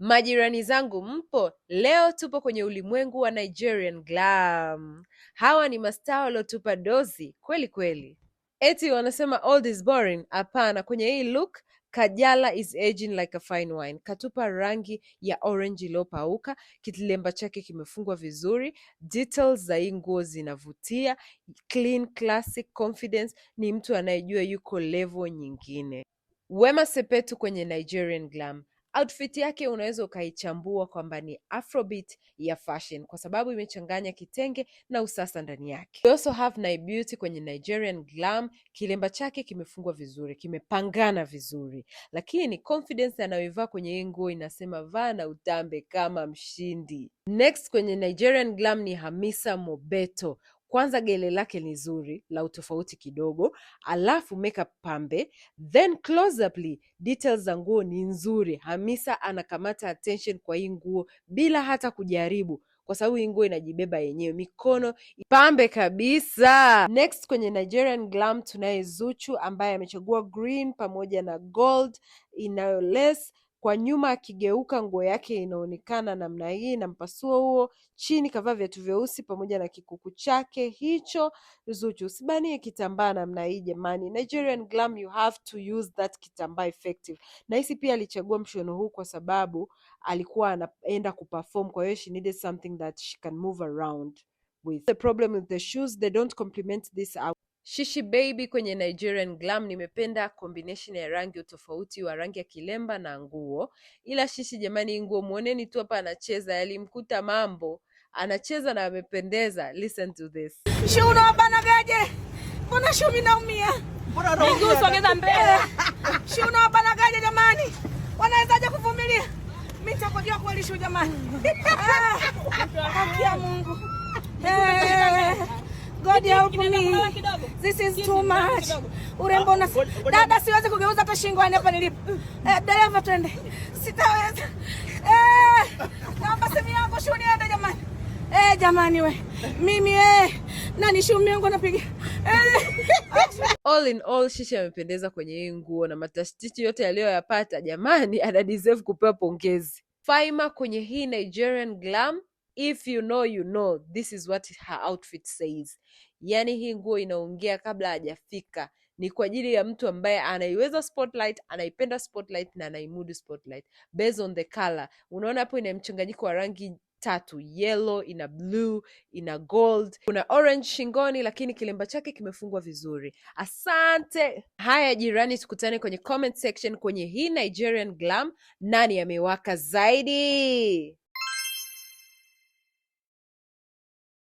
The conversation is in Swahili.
Majirani zangu mpo? Leo tupo kwenye ulimwengu wa Nigerian glam. Hawa ni mastaa waliotupa dozi kweli kweli. Eti wanasema old is boring? Hapana, kwenye hii look Kajala is aging like a fine wine. Katupa rangi ya orange iliyopauka, kilemba chake kimefungwa vizuri, details za hii nguo zinavutia, clean, classic, confidence. Ni mtu anayejua yuko levo nyingine. Wema Sepetu kwenye Nigerian glam outfit yake unaweza ukaichambua kwamba ni Afrobeat ya fashion kwa sababu imechanganya kitenge na usasa ndani yake. We also have Nai Beauty kwenye Nigerian glam, kilemba chake kimefungwa vizuri, kimepangana vizuri, lakini confidence anayoivaa kwenye hii nguo inasema vaa na utambe kama mshindi. Next kwenye Nigerian glam ni Hamisa Mobeto kwanza gele lake ni zuri la utofauti kidogo, alafu makeup pambe, then close details za nguo ni nzuri. Hamisa anakamata attention kwa hii nguo bila hata kujaribu kwa sababu hii nguo inajibeba yenyewe, mikono pambe kabisa. Next kwenye Nigerian glam tunaye Zuchu ambaye amechagua green pamoja na gold inayo less kwa nyuma akigeuka nguo yake inaonekana namna hii na mpasuo huo, chini kavaa viatu vyeusi pamoja na kikuku chake hicho. Zuchu, usibanie kitambaa namna hii jamani, Nigerian glam, you have to use that kitambaa effective. hisi pia alichagua mshono huu kwa sababu alikuwa anaenda kuperform, kwa hiyo she needed something that she can move around with. The problem with the shoes, they don't complement this Shishi Baby kwenye Nigerian Glam nimependa combination ya rangi, utofauti wa rangi ya kilemba na nguo. Ila Shishi jamani, nguo muoneni tu hapa anacheza, yalimkuta mambo, anacheza na amependeza. Listen to this. Shu gaje? Mbona shu minaumia? Miguu songeza mbele. Shu gaje jamani? Wanawezaje kuvumilia? Mimi nitakujua kweli shu jamani. Ah, haki ya Mungu. God help me. This is too much. Urembo ah, na dada, siwezi kugeuza hata shingo yani hapa nilipo. Mm. Eh, dereva twende. Sitaweza. Eh, naomba simu yangu shuni hata jamani. Eh, jamani we. Mimi eh nani shumi yangu napiga. Eh. All in all, Shisha amependeza kwenye hii nguo na matastiti yote aliyoyapata, jamani, ana deserve kupewa pongezi. Faima kwenye hii Nigerian glam if you know you know this is what her outfit says. Yani hii nguo inaongea kabla hajafika, ni kwa ajili ya mtu ambaye anaiweza spotlight, anaipenda spotlight na anaimudu spotlight based on the color. Unaona hapo ina mchanganyiko wa rangi tatu yellow, ina blue, ina gold, kuna orange shingoni, lakini kilemba chake kimefungwa vizuri. Asante. Haya jirani, tukutane kwenye comment section kwenye hii Nigerian glam, nani amewaka zaidi?